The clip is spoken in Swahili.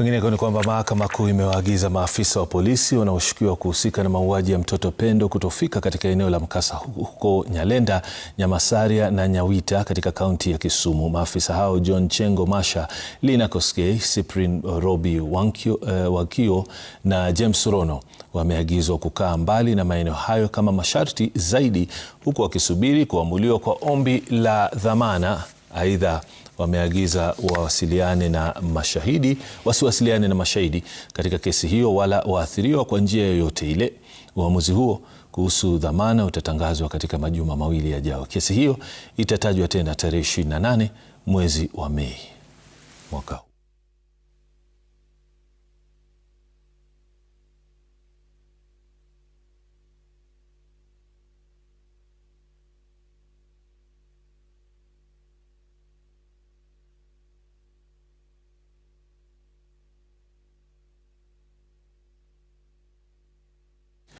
Kwingineko ni kwamba mahakama kuu imewaagiza maafisa wa polisi wanaoshukiwa kuhusika na mauaji ya mtoto Pendo kutofika katika eneo la mkasa huko Nyalenda, Nyamasaria na Nyawita katika kaunti ya Kisumu. Maafisa hao John Chengo Masha, Lina Koskei, Cyprian Robi Wankio, eh, Wakio na James Rono wameagizwa kukaa mbali na maeneo hayo kama masharti zaidi, huku wakisubiri kuamuliwa kwa ombi la dhamana Aidha, wameagiza wawasiliane na mashahidi wasiwasiliane na mashahidi katika kesi hiyo wala waathiriwa kwa njia yoyote ile. Uamuzi huo kuhusu dhamana utatangazwa katika majuma mawili yajao. Kesi hiyo itatajwa tena tarehe 28 mwezi wa Mei mwaka huu.